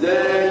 Let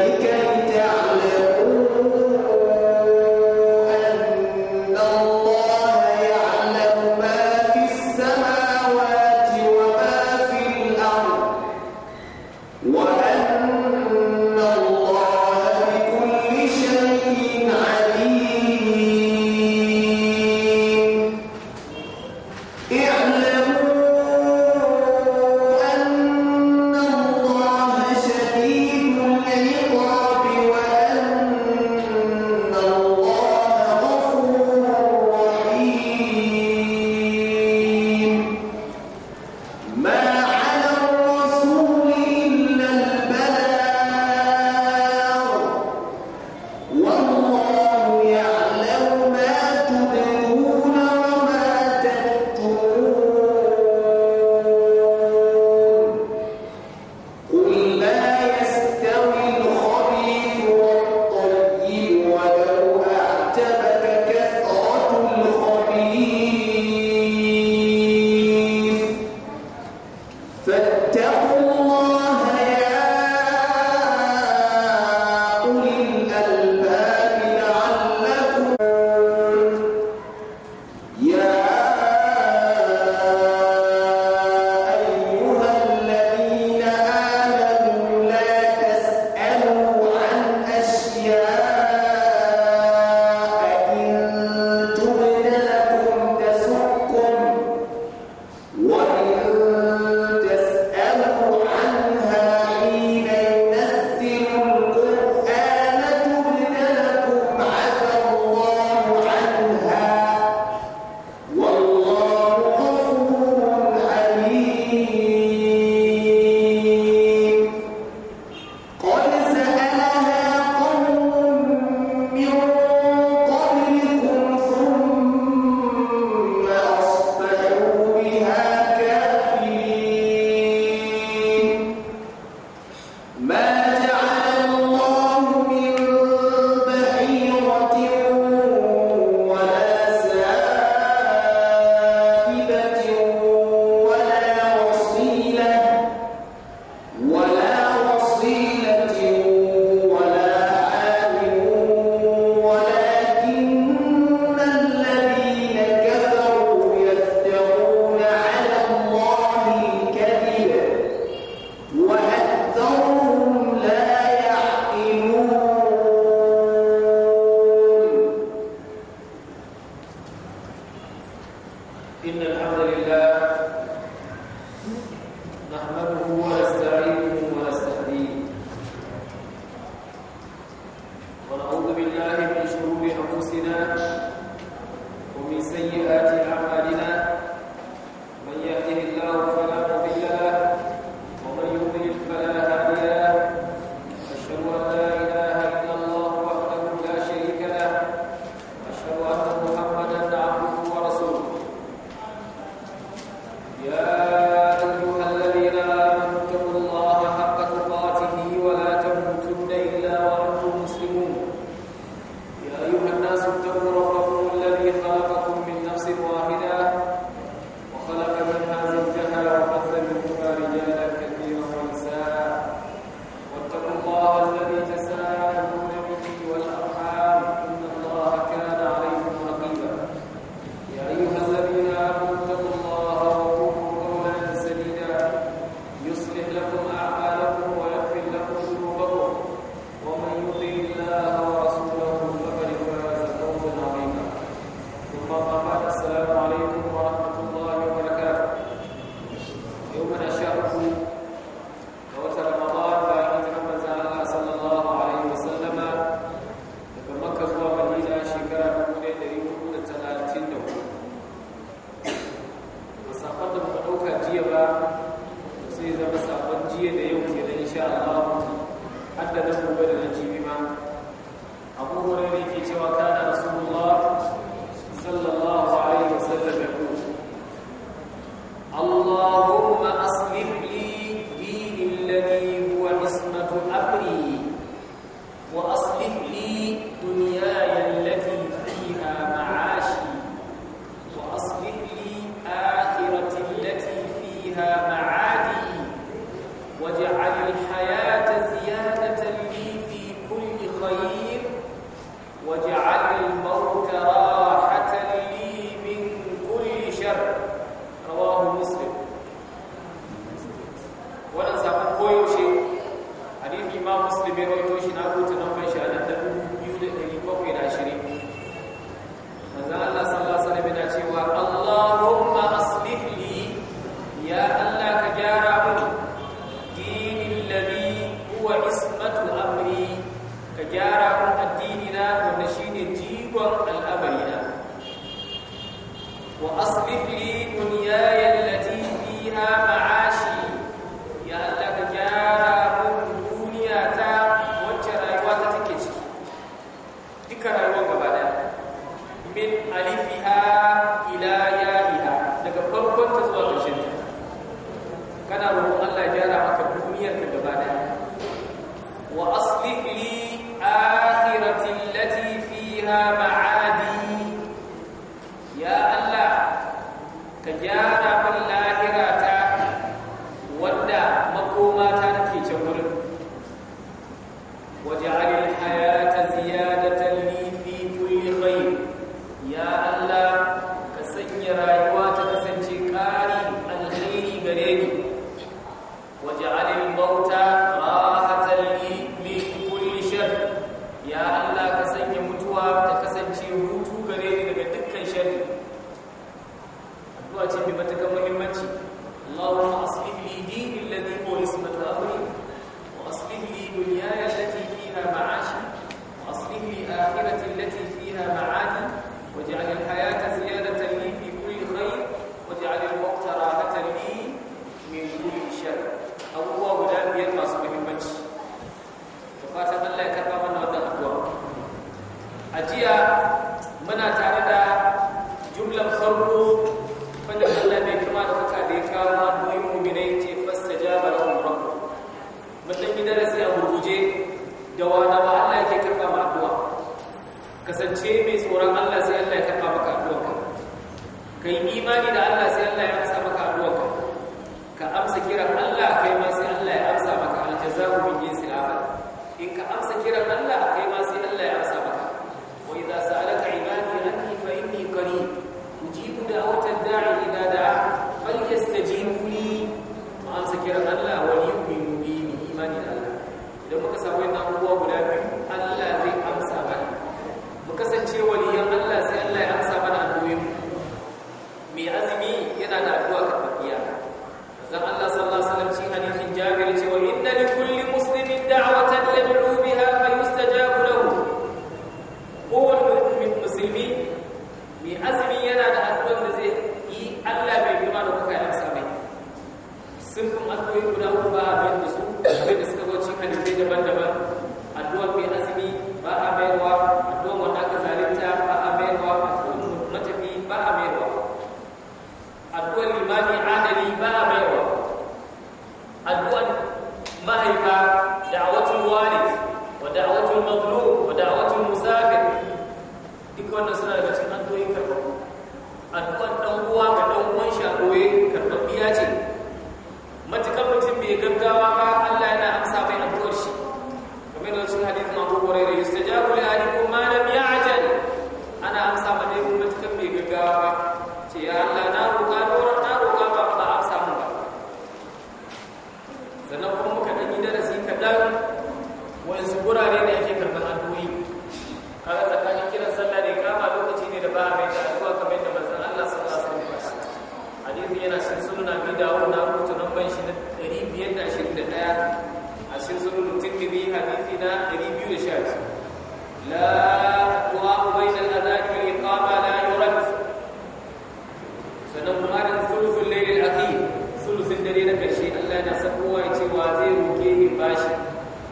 yana sakowa cewa zai roke ni bashi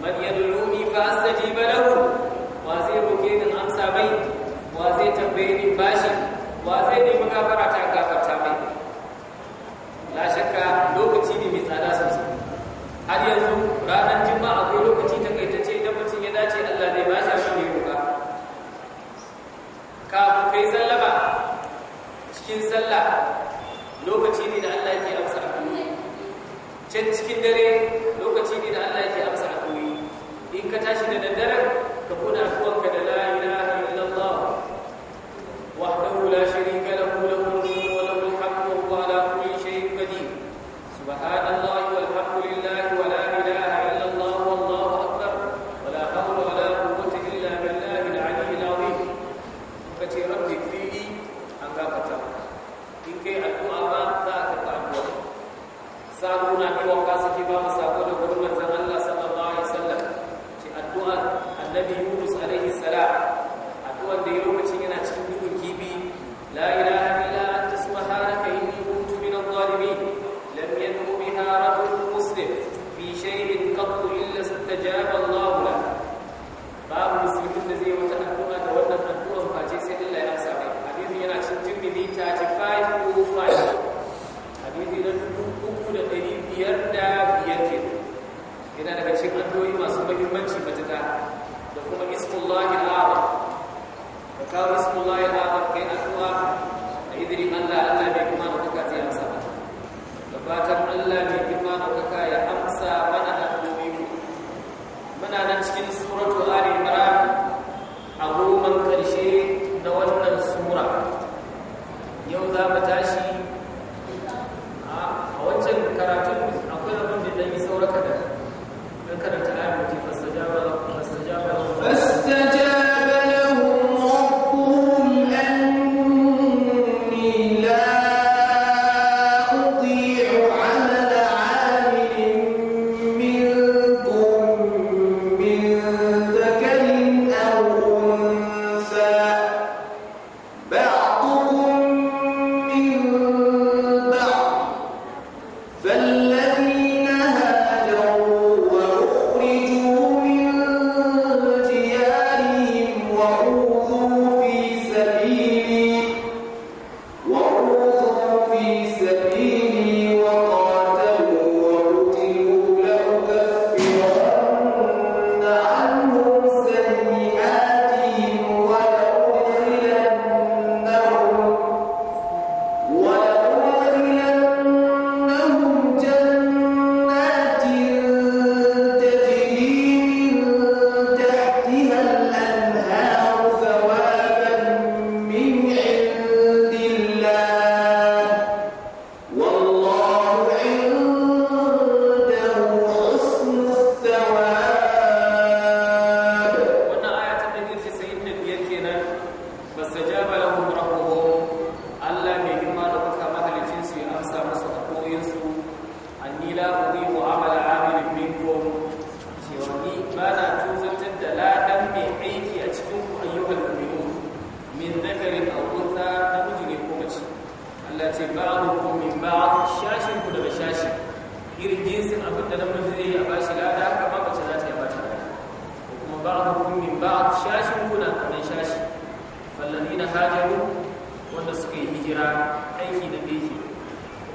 man yad'uni fa ba lahu wa zai roke ni amsa bai. wa zai tambaye ni bashi wa zai nemi gafara ta gafarta mai la shakka lokaci ne mai tsada sosai har yanzu ranar juma'a akwai lokaci ta ta kai ce, idan mutum ya dace Allah zai bashi shi da ya roka kafin kai sallama cikin sallah lokaci can cikin dare lokaci ne da Allah yake amsa addu'o'i in ka tashi da daddaren ka kuna ruwanka da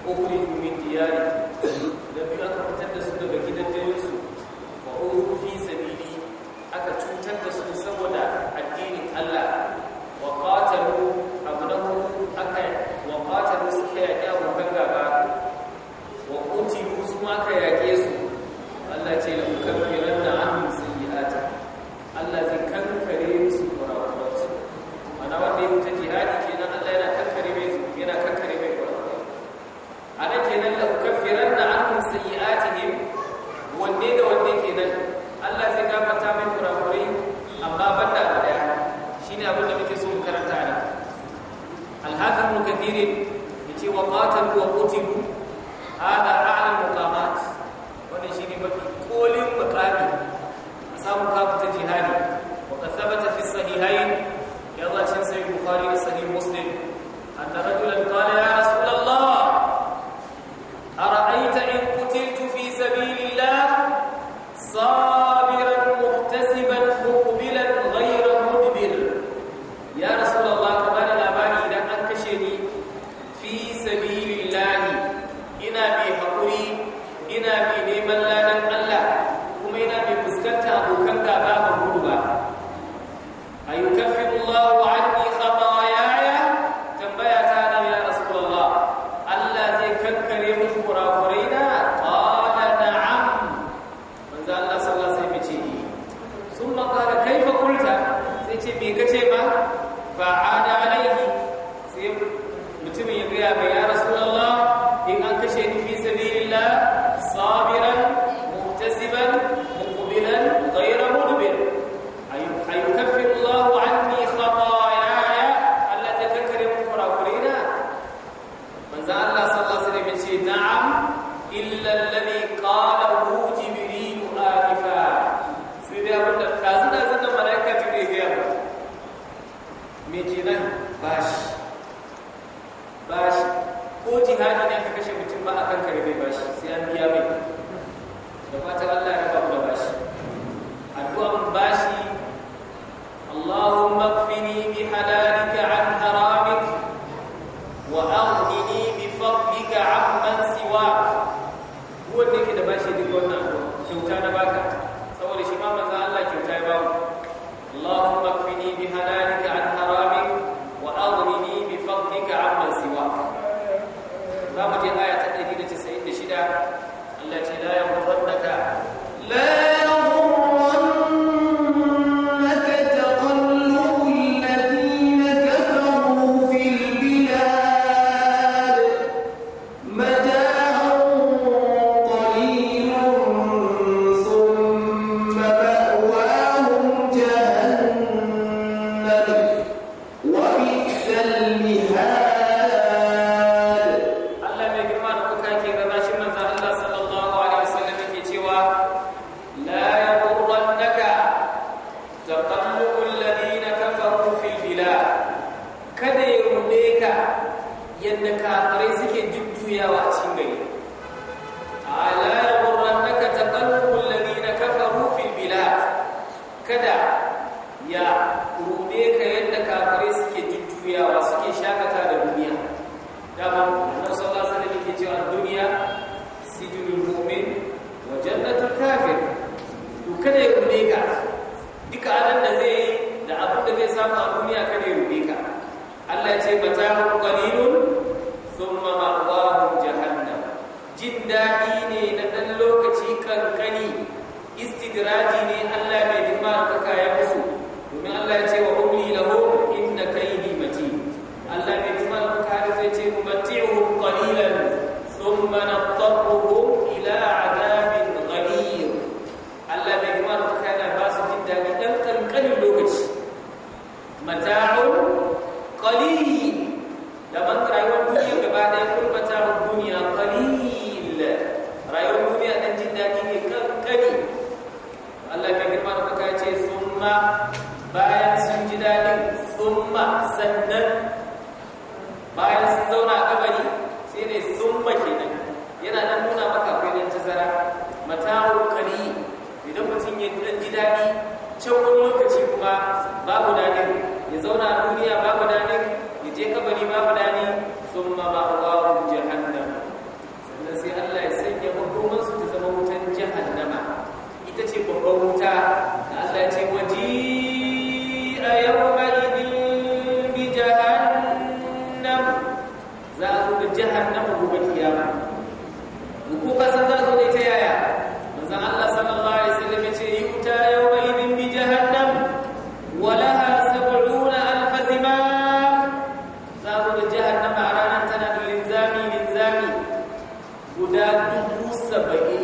أخرج من دياركم Mtume Yumbia kada ya rude ka yadda kafare suke jujjuyawa suke shakata da duniya dama na sallah alaihi da yake cewa duniya sijinul mu'min wa jannatul kafir to kada ya rude ka duka anan da zai yi da abin da zai samu a duniya kada ya rude ka Allah ya ce mata'un qalilun thumma ma'wahum jahannam jin dadi ne na dan lokaci kankani istidraji ne Allah mai ta kaya musu domin Allah ya ce wa daɗi can wani lokaci kuma babu daɗin ya zauna a duniya babu daɗin ya je kabari babu daɗi sun ma babu guda dubu saba'in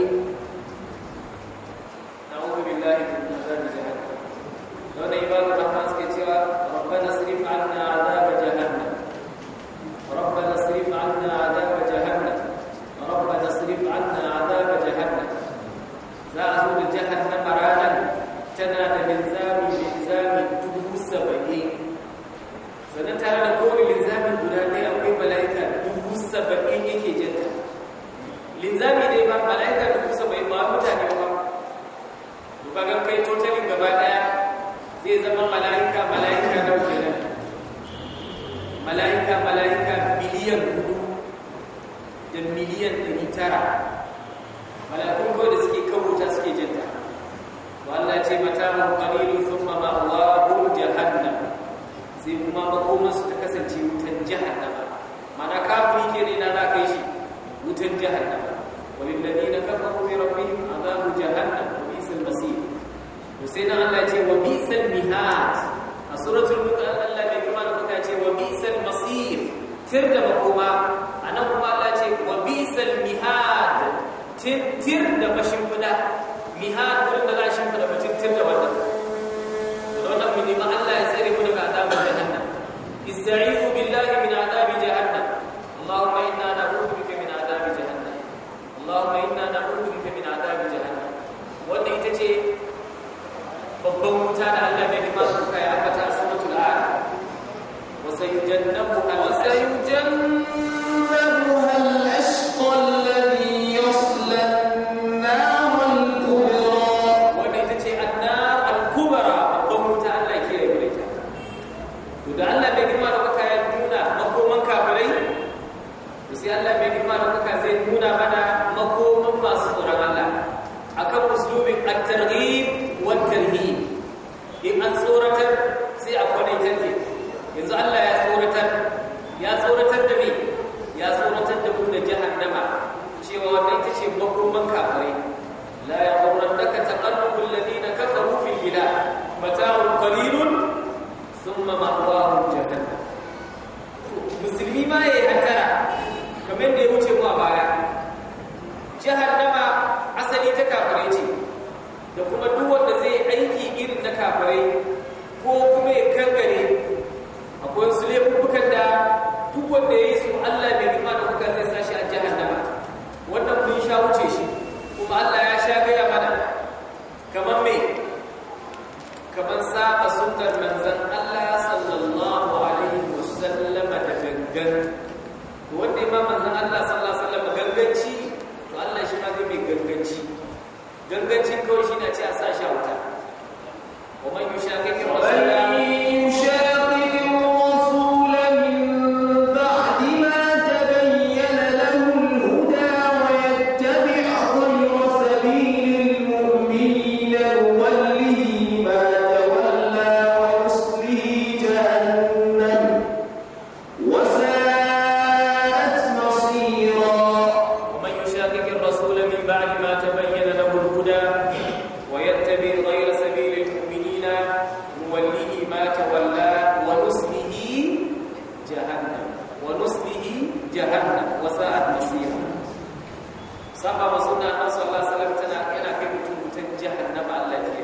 saba ma sunna annabi sallallahu alaihi tana yana kai mutum mutum jahannama Allah ke.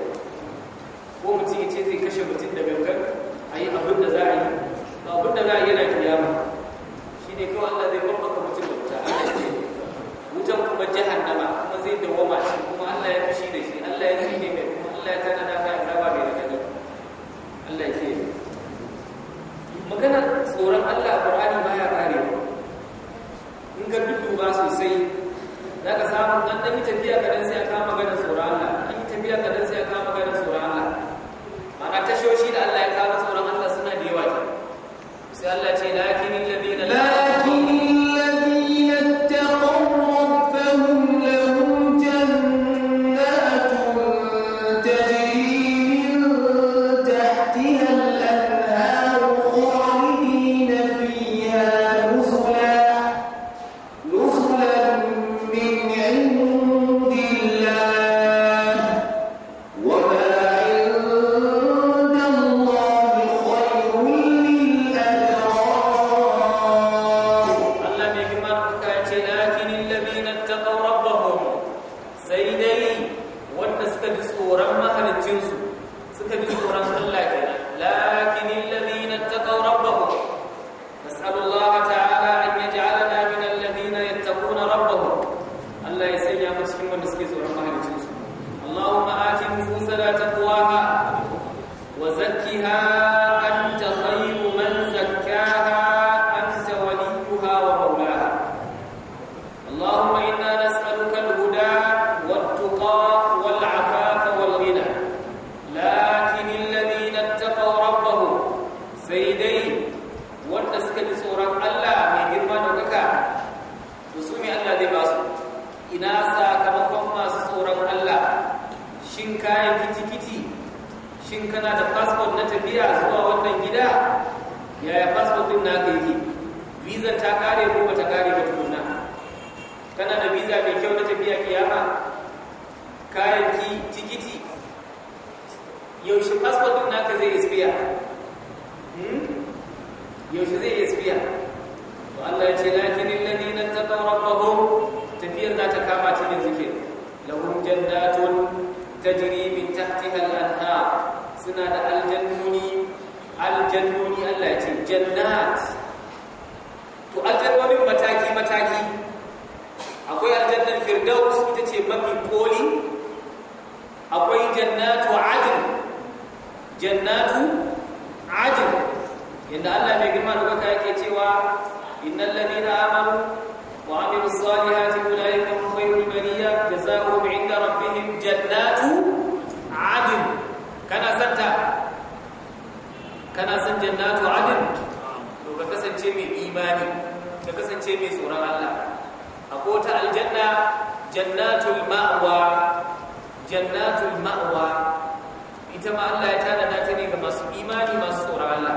ko mutum ce zai kashe mutum da gangan ayi abin da za a yi ba abin da za a yi yana Shi ne kawai Allah zai bambaka mutum da wuta Allah ya wutan kuma jahannama kuma zai dawama shi kuma Allah ya fushi da shi Allah ya fi tsine mai kuma Allah ya tana da mai azaba mai daga Allah ke. kiyaye magana tsoron Allah a ba Qur'ani baya ba. in ga duk duba sosai za ka samu ɗan ɗan yi tafiya kaɗan sai a kama ganin tsoron Allah in tafiya kaɗan tafiya zuwa wannan gida yaya passport na ka yi? vizan ta kare ko ba ta kare ba tukuna kana da visa mai kyau na tafiya kiyama kayan ki tikiti yaushe passport na ka zai expire hmm? yaushe zai isfiya to Allah ya ce lakinin na taqaw rabbahum tafiyar za ta kama ta ne zikir datun jannatun tajri min tahtiha al suna da aljannuni aljannuni Allah ya ce jannat to aljannuni mataki mataki akwai aljannan firdaus ita ce mafi koli akwai jannatu adn jannatu adn yanda Allah mai girma da baka yake cewa innal ladina amanu wa amilus salihati ulaika imani ka kasance mai tsoron Allah a kota aljanna jannatul ma'wa jannatul ma'wa ita ma Allah ya tanada ta ne ga masu imani masu tsoron Allah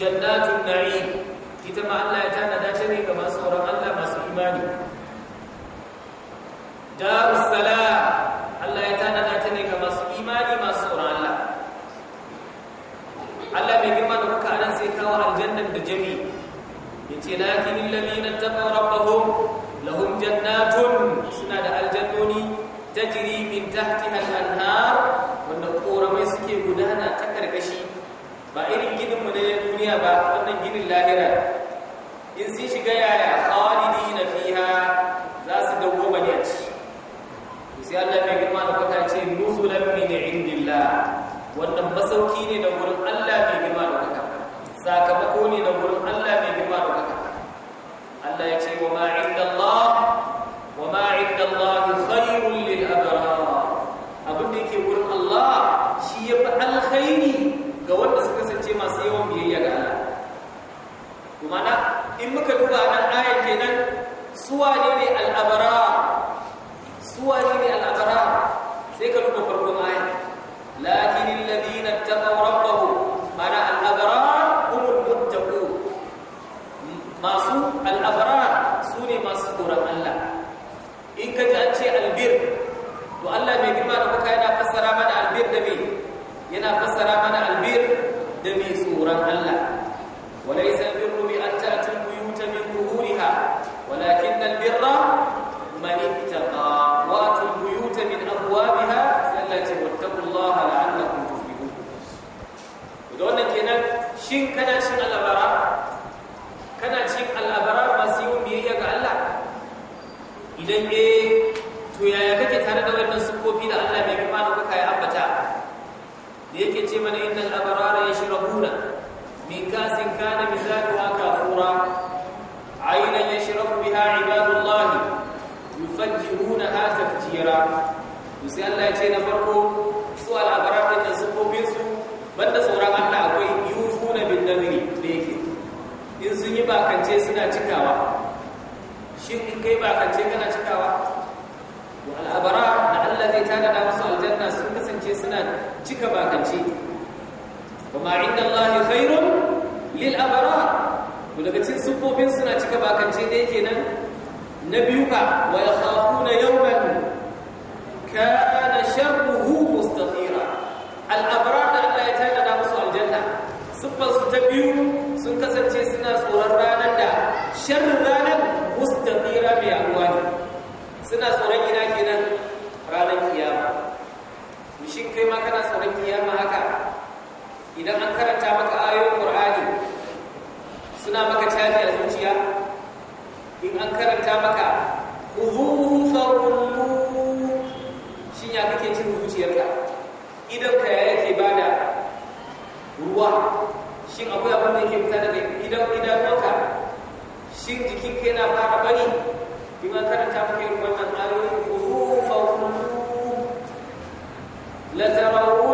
jannatul na'im ita ma Allah ya tanada ta ne ga masu tsoron Allah masu imani darus Allah ya tanada ta ne ga masu imani masu tsoron Allah Allah mai girma da kuka anan sai kawo aljannan da jami'i yace lakin alladhina taqaw rabbahum lahum jannatun suna da aljannoni ta min tahtiha al-anhar wanda koramai suke gudana ta karkashi ba irin ginin mu na duniya ba wannan ginin lahira in sun shiga yaya khalidina fiha za su dawwama ne a sai Allah mai girma da kuka ce nuzulan min indillah wannan masauki ne da gurin Allah mai girma da kuka sakamako ne da gurin Allah Allah ya ce wa ma indallah wa ma indallah abin da yake wurin Allah shi ya fi alkhairi ga wanda suka kasance masu yawan biyayya ga Allah kuma na in muka duba nan aya kenan suwa ne al suwa ne to Allah mai girma da kuka yana fassara mana albir da me yana fassara mana albir da me tsoron Allah walaysa albirru bi an ta'ti albuyut min zuhuriha walakin albirra man ittaqa wa atul buyut min abwabiha allati wattaqullaha la'allakum tuflihun to wannan kenan shin kana من كاس كان مثالها كافورا عينا يشرب بها عباد الله يفجرونها تفجيرا sai Allah ya ce na farko su al'abarar da sufofin su banda tsoron Allah akwai yufuna bin damiri da yake in sun yi bakance suna cikawa shin in kai bakance kana cikawa wa al'abara da Allah zai tada da musu aljanna sun kasance suna cika bakance wa ma indallahi khairun lil abrar to suna cika bakance da yake nan na biyu ka wa yakhafuna yawman kana sharruhu mustatira al abrar da Allah ya tada musu aljanna sufan ta biyu sun kasance suna tsoron ranar da sharrin ranar mustatira mai ne suna tsoron kenan ranar kiyama kai ma kana tsoron kiyama haka idan an karanta maka ayoyin qur'ani suna maka caji a zuciya in an karanta maka huzuru sarru shin ya kake cin zuciyarka idan ka yake bada ruwa shin akwai abin da yake fita daga idan shi shin jikinka yana fara bari in an karanta maka irin wannan ayoyin huzuru sarru la tarawun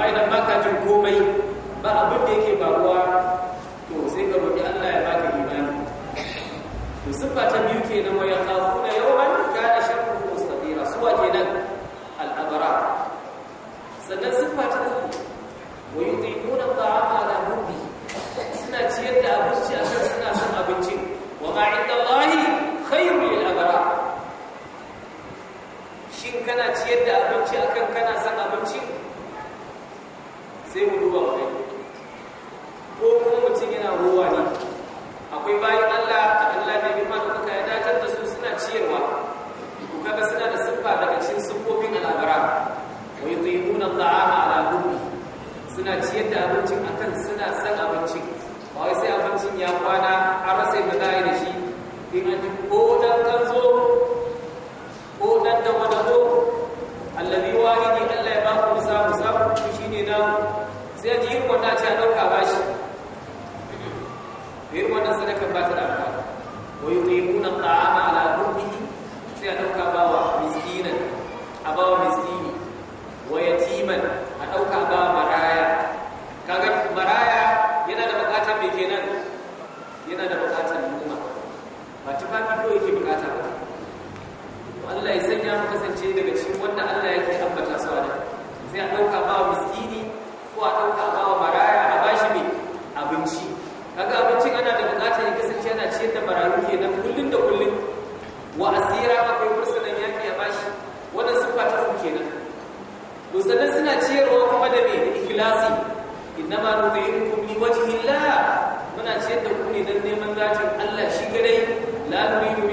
amma idan baka jin komai ba abin da yake faruwa to sai ka roki Allah ya baka imani to siffa ta biyu kenan wa yakhafuna yawman kana sharruhu mustatira suwa kenan al-abrar sannan siffa ta uku wa yutimuna ta'ama ala hubbi suna ciyar da abinci a kan suna son abincin wa ma inda Allah khairu lil abrar shin kana ciyar da abinci akan garuruwan wani ko kuma mutum yana ruwa ne akwai bayan allah da allah mai girma da muka ya datar da su suna ciyarwa kaga suna da siffa daga cikin siffofin al'abara wa yuti'una ta'ama ala gurbi suna ciyar da abincin akan suna san abincin ba wai sai abincin ya kwana har sai da zai da shi in an ji ko dan kanzo ko dan da wani sadaka ba ta da amfani wa yut'imuna at'ama ala hubbihi sai a dauka bawa ciyarwa kuma da me ikhlasi innama nudhirukum liwajhi Allah muna ciyar da ku ne don neman zatin Allah shi kadai la nuridu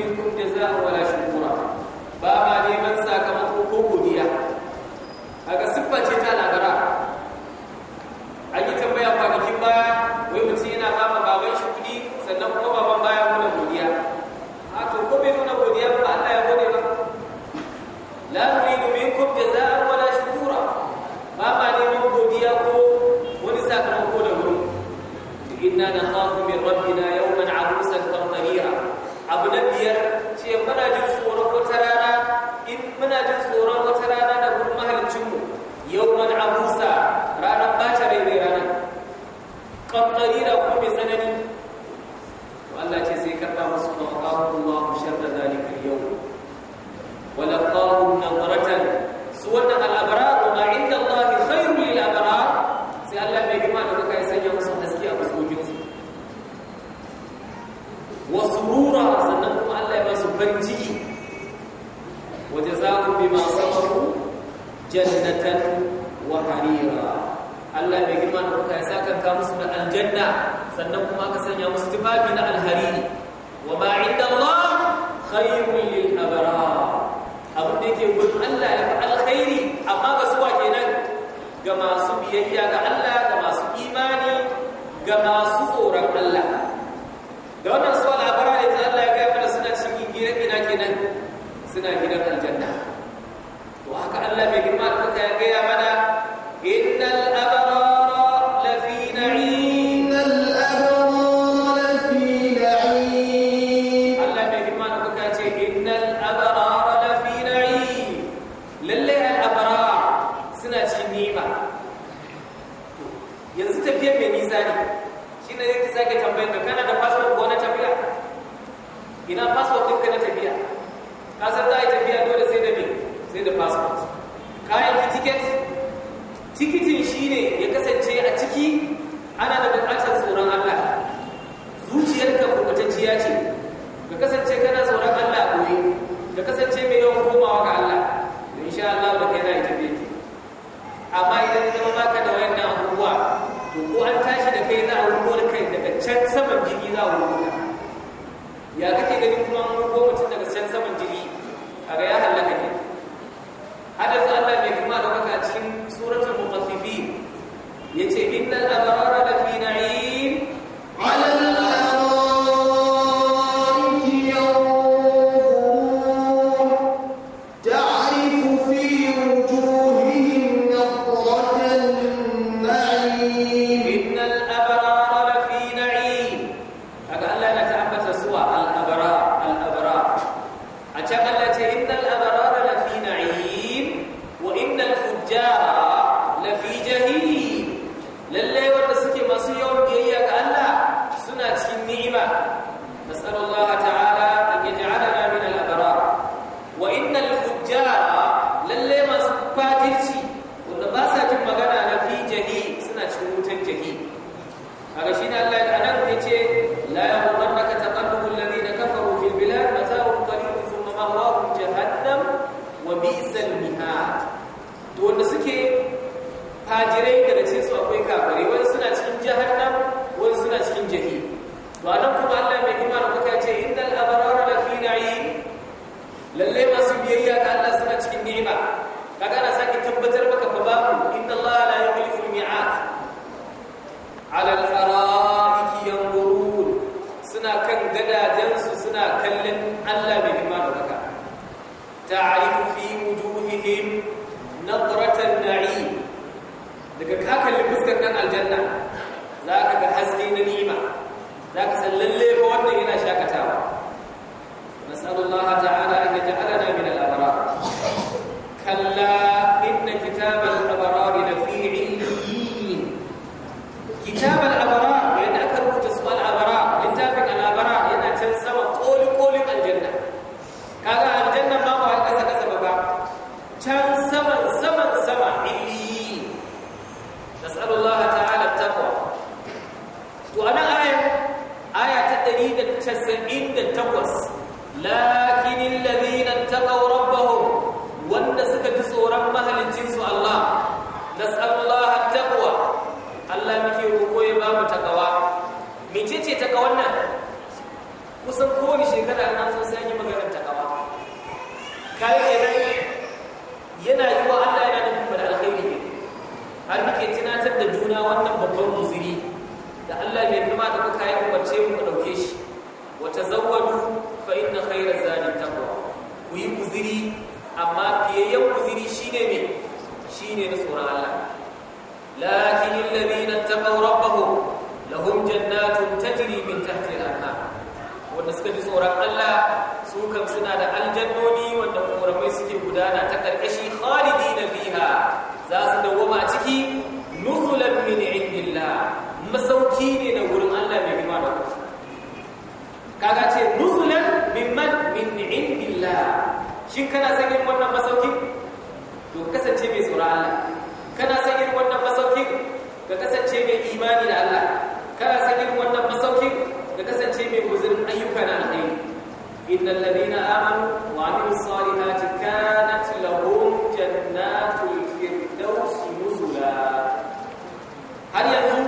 ina passport ɗinka na tafiya ka san za a yi tafiya dole sai da mai sai da passport kayan ki ticket tikitin ne ya kasance a ciki ana da buƙatar tsoron Allah zuciyarka kubutacciya ce ka kasance kana tsoron Allah koyi ka kasance mai yawan komawa ga Allah to insha Allah da kai na yi tafiya amma idan zama baka da wayannan abubuwa to ko an tashi da kai za a wurgo da kai daga can saman jini za a wurgo ya kake ganin kuma mun rubo mutum daga can saman jiri kaga ya halaka ne hadasa Allah mai kuma da a cikin suratul mutaffifin yace innal abrara lafi wujuhihim nadratan na'im daga ka kalli fuskar nan aljanna za ka haske na ni'ima za ka san lalle fa wannan yana shakatawa nas'alullaha ta'ala an yaj'alana min al-abrar kalla ce nuzulan mimman min indillah shin kana san irin wannan masaukin to kasance mai tsoron Allah kana san irin wannan ka kasance mai imani da Allah kana san irin wannan masaukin ka kasance mai guzurin ayyuka na alheri innal ladina amanu wa amilus salihati kanat lahum jannatul firdaus nuzula har yanzu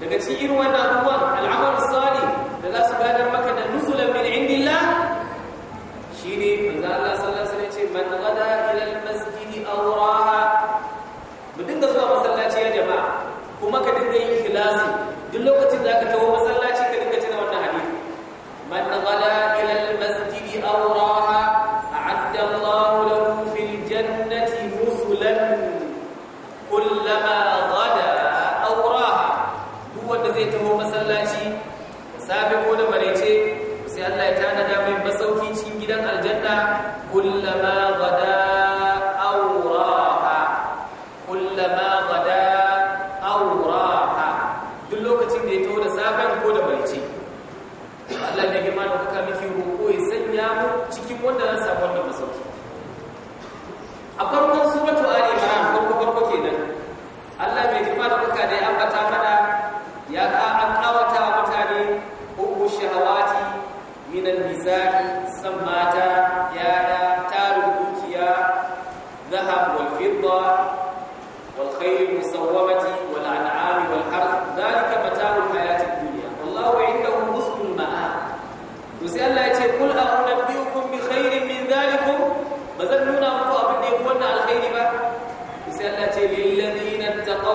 daga cikin irin wannan abubuwan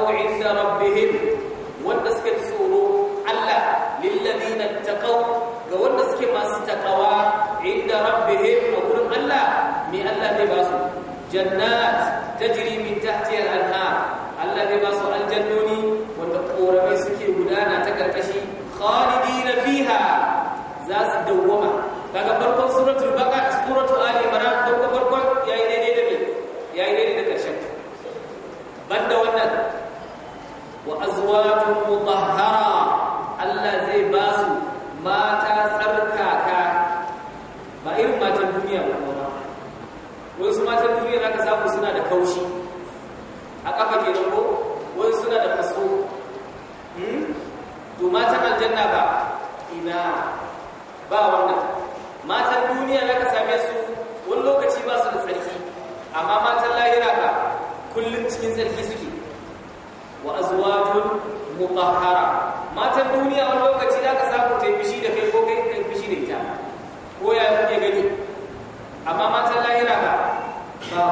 taqaw inda rabbihim wanda suka ji tsoro Allah lilladina taqaw ga wanda suke masu taqawa inda rabbihim a gurin Allah me Allah zai ba su jannat tajri min tahtiha al-anhar Allah zai ba su wanda suke gudana ta karkashi khalidina fiha za su dawwama daga farkon suratul baqara suratul ali imran farkon farkon yayi daidai da me yayi daidai da karshen banda wannan azwajun mutahhara Allah zai ba su mata tsarkaka ba irin matan duniya ba ba wasu matan duniya zaka samu suna da kaushi a kafa kenan ko wani suna da kaso to matan aljanna ba ina ba wannan matan duniya zaka same su wani lokaci ba su da tsarki amma matan lahira ba kullum cikin tsarki suke wa azwajun mutahhara matan duniya wani lokaci da ka samu ta fushi da kai ko kai kai fushi da ita ko ya kuke gani amma matan lahira ba ba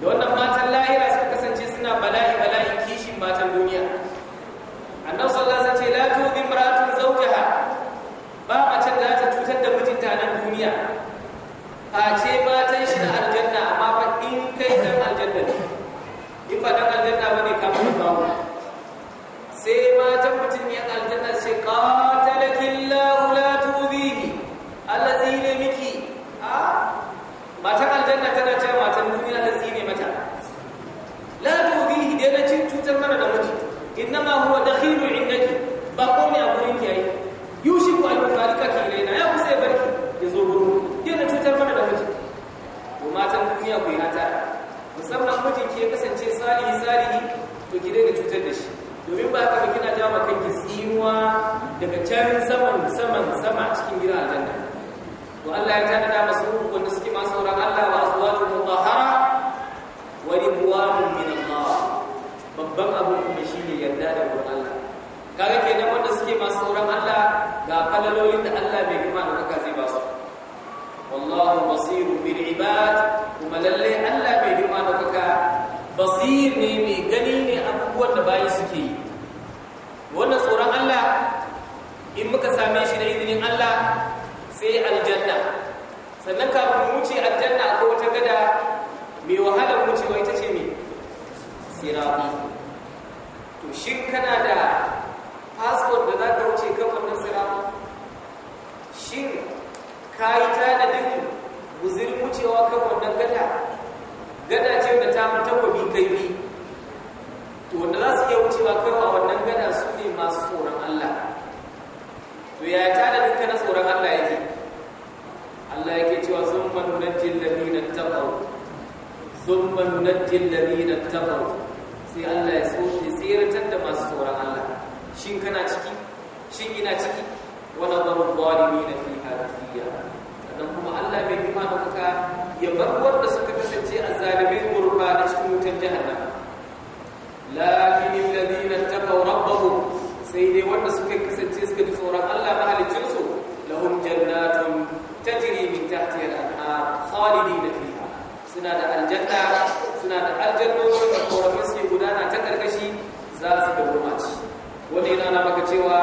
da wannan matan lahira suka kasance suna bala'i bala'i kishin matan duniya annabi sallallahu alaihi wasallam ce la tu imra'atun zawjaha ba mace da ta cutar da mijinta nan duniya ce matan shi na aljanna amma fa in kai dan aljanna ne in ba dan aljanna bane ka mutu kawo sai matan mutum ya aljanna ce qatalakillahu la tuzihi allazi ne miki a matan aljanna tana ce matan duniya allazi ne mata la tuzihi dai na cin cutar mana da miji innama huwa domin ba haka kina wa kanki tsinuwa daga can saman saman sama cikin gidan aljanna to Allah ya tana da masu wanda suke masu tsoron Allah wa azwajul mutahhara wa ridwanun min Allah babban abu kuma shine yarda da gurin Allah kaga kenan wanda suke masu tsoron Allah ga kalalolin da Allah bai kuma da kaka zai ba su wallahu basirun bil ibad kuma lalle Allah bai kuma da kaka basir ne mai gani ne abubuwan da bayi suke yi wannan tsoron Allah in muka same shi da izinin Allah sai aljanna sannan kafin mu wuce aljanna akwai wata gada mai wahalar wucewa ita ce mai sirafi to shi kana da fasfot da za ka wuce kan wannan sirafi shin ka yi tanadin guzirin wucewa kan wannan gada gada ce da ta mutakwabi kai biyu to wanda za su iya wucewa kaiwa wannan gada su ne masu tsoron Allah to ya tada dukkan tsoron Allah yake Allah yake cewa summa nunajjil ladina taqaw summa nunajjil ladina taqaw sai Allah ya soke tsiratar da masu tsoron Allah shin kana ciki shin ina ciki wa nadaru zalimin fi kafiya sannan kuma Allah bai kima da ya bar wanda suka kasance a zalimai da cikin wutar jahannama lakin alladhina taqaw rabbahum sai dai wanda suka kasance suka ji tsoron Allah mahalicin su lahum jannatun tajri min tahtiha al-anhar khalidina fiha suna da aljanna suna da aljannonin da koramin su gudana ta karkashi za su da gurmaci Wani yana na maka cewa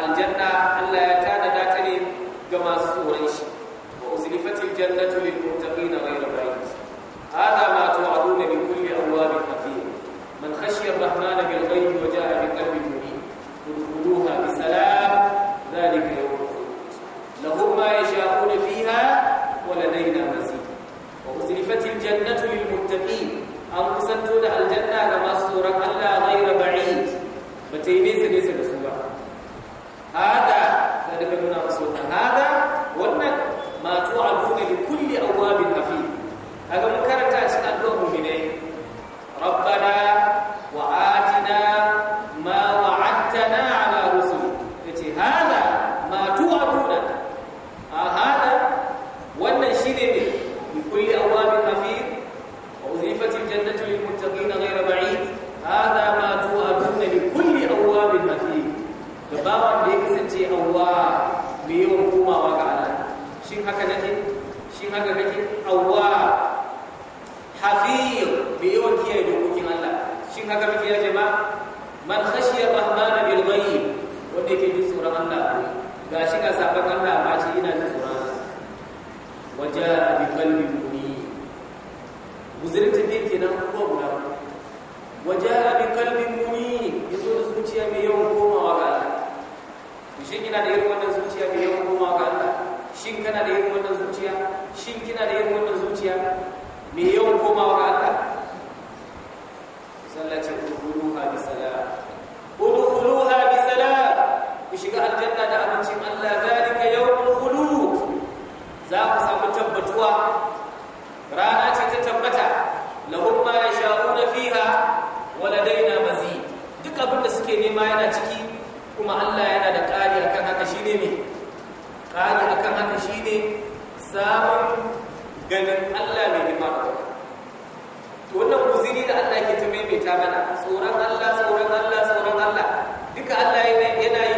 aljanna Allah ya da ta ne ga masu tsoron shi wa uzlifatil jannatu lil muttaqina ghayra ba'id hada يخشى الرحمن بالغيب وجاء بقلب منيب ادخلوها بسلام ذلك يوم الخلود لهم ما يشاءون فيها ولدينا مزيد وأزلفت الجنة للمتقين أن قسنتون الجنة كما سورة الله غير بعيد بتينيس ليس بسوء هذا waladaina mazid duk abin da suke nema yana ciki kuma Allah yana da ƙari akan haka shine me ƙari akan haka shine samun ganin Allah mai girma da wannan guziri da Allah ke ta maimaita mana tsoron Allah tsoron Allah tsoron Allah duka Allah yana yi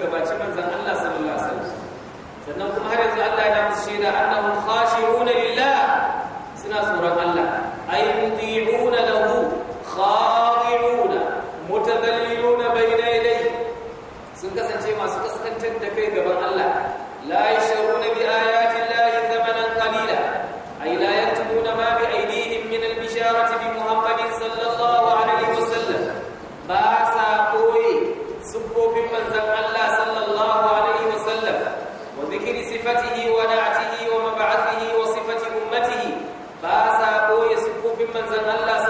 gabaci manzan Allah sallallahu alaihi wasallam sannan kuma har yanzu Allah yana musu shaida annahum khashiruna lillah suna tsoron Allah ay muti'una lahu khadi'una mutadalliluna bayna yadayhi sun kasance masu kaskantar da kai gaban Allah la صفته ونعته ومبعثه وصفة أمته باسا بوي سكوب من زن الله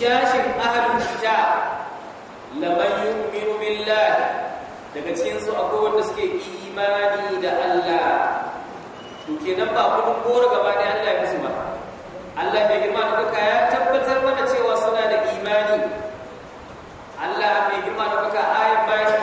shashin ahlul kitab laman yu'minu billahi daga cikin su akwai wanda suke imani da Allah to kenan ba kudin gora gaba da Allah ya musu ba Allah mai girma da kuka ya tabbatar mana cewa suna da imani Allah mai girma da kuka ayin bayan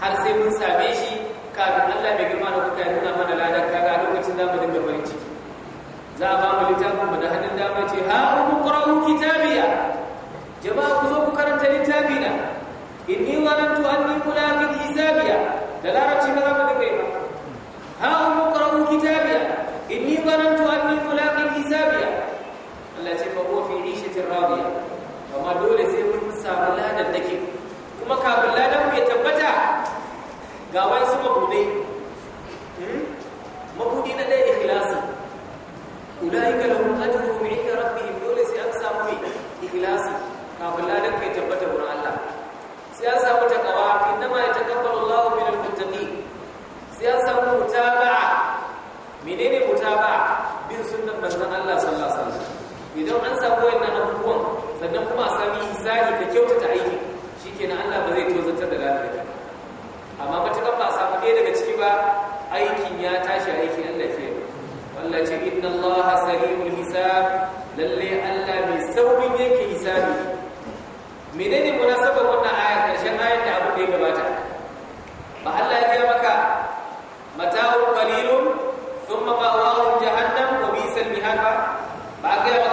har sai mun same shi kafin Allah mai girma da kuka nuna mana ladan kaga lokacin za mu dinga farin ciki za a ba mu littafin mu da hannun dama ce ha ku qara'u kitabiya jama'a ku zo ku karanta littafina inni warantu anni mulaqin hisabiya da larabci ba za mu dinga yi ba ha ku qara'u kitabiya inni warantu anni mulaqin hisabiya Allah ce fa huwa fi 'ishatin radiya amma dole sai mun samu ladan dake kuma kafin ladan mu ya tabbata ga wani su mabudai hmm? mabudi na ɗaya ikhlasi ulaika lahum ajruhum inda rabbihim dole sai an samu ikhlasi kafin ladar kai tabbata wurin Allah sai an samu takawa innama yatakabbalu Allahu min al-muttaqin sai an samu mutaba'a menene mutaba'a bin sunnan manzon Allah sallallahu alaihi idan an samu wannan abubuwan sannan kuma a sami ihsani ta kyautata aiki shi shikenan Allah ba zai tozartar da lafiyarka amma ba aikin ya tashi aiki Allah ke Allah ce inna Allah sari'ul hisab lalle Allah mai saurin yake hisabi menene munasabar wannan aya karshen ayar da abu da ya gabata ba Allah ya ce maka mata'un qalilun thumma ma'awahum jahannam wa bisal mihad ba ga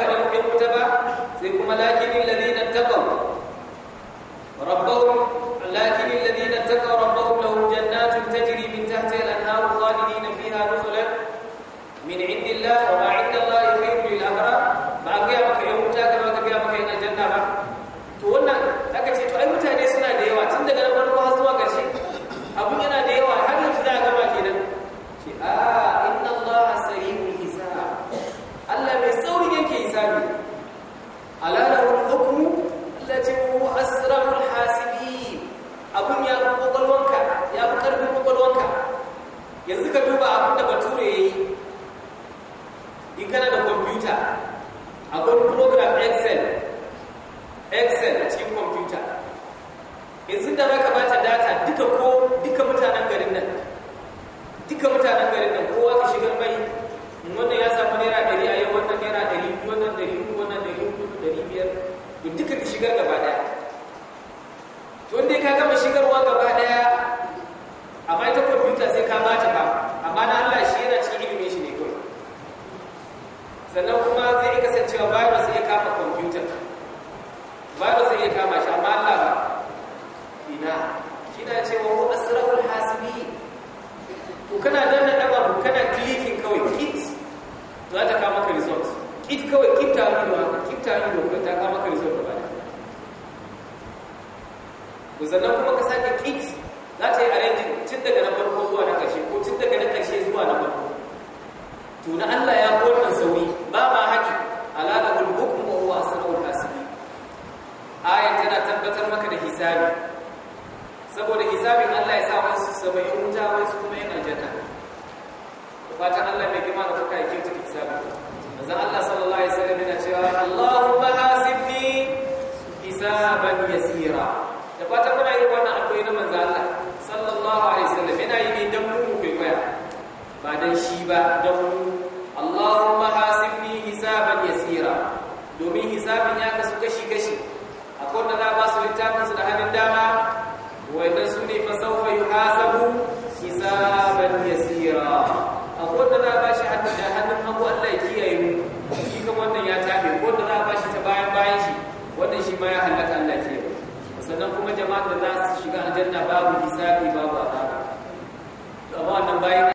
shigar gaba daya to inda ka gama shigarwa gaba daya amma ita kwamfuta sai ka bata ba amma na Allah shi yana cikin ilimin shi ne kawai sannan kuma zai iya kasancewa virus ya kama kwamfuta virus ya kama shi amma Allah ba ina kina cewa wa asrarul hasibi to kana nan sannan kuma ka sake kicks za ta yi arrangin cin daga na farko zuwa na ƙarshe ko cin daga na ƙarshe zuwa na farko Tuna Allah ya ko wannan sauri ba ma haƙi alaƙaƙul hukumu wa huwa asrarul hasibi ayan tana tabbatar maka da hisabi saboda hisabin Allah ya sa wasu su saba'in wuta wasu, su kuma yin aljanna fatan Allah mai girma da kuka yake cikin hisabi manzon Allah sallallahu alaihi wasallam yana cewa Allahumma hasibni hisaban yasira da fatan muna yin wannan addu'o'i na manzo Allah sallallahu alaihi wasallam yana yi ne dan mu kai ba dan shi ba dan mu Allahumma hasibni hisaban yasira domin hisabin ya kasu kashi kashi akwai wanda za ba su littafin su da hannun dama wa idan su ne fa sawfa yuhasabu hisaban yasira sannan kuma jama'a da za su shiga aljanna babu hisabi babu azaba to amma wannan bayan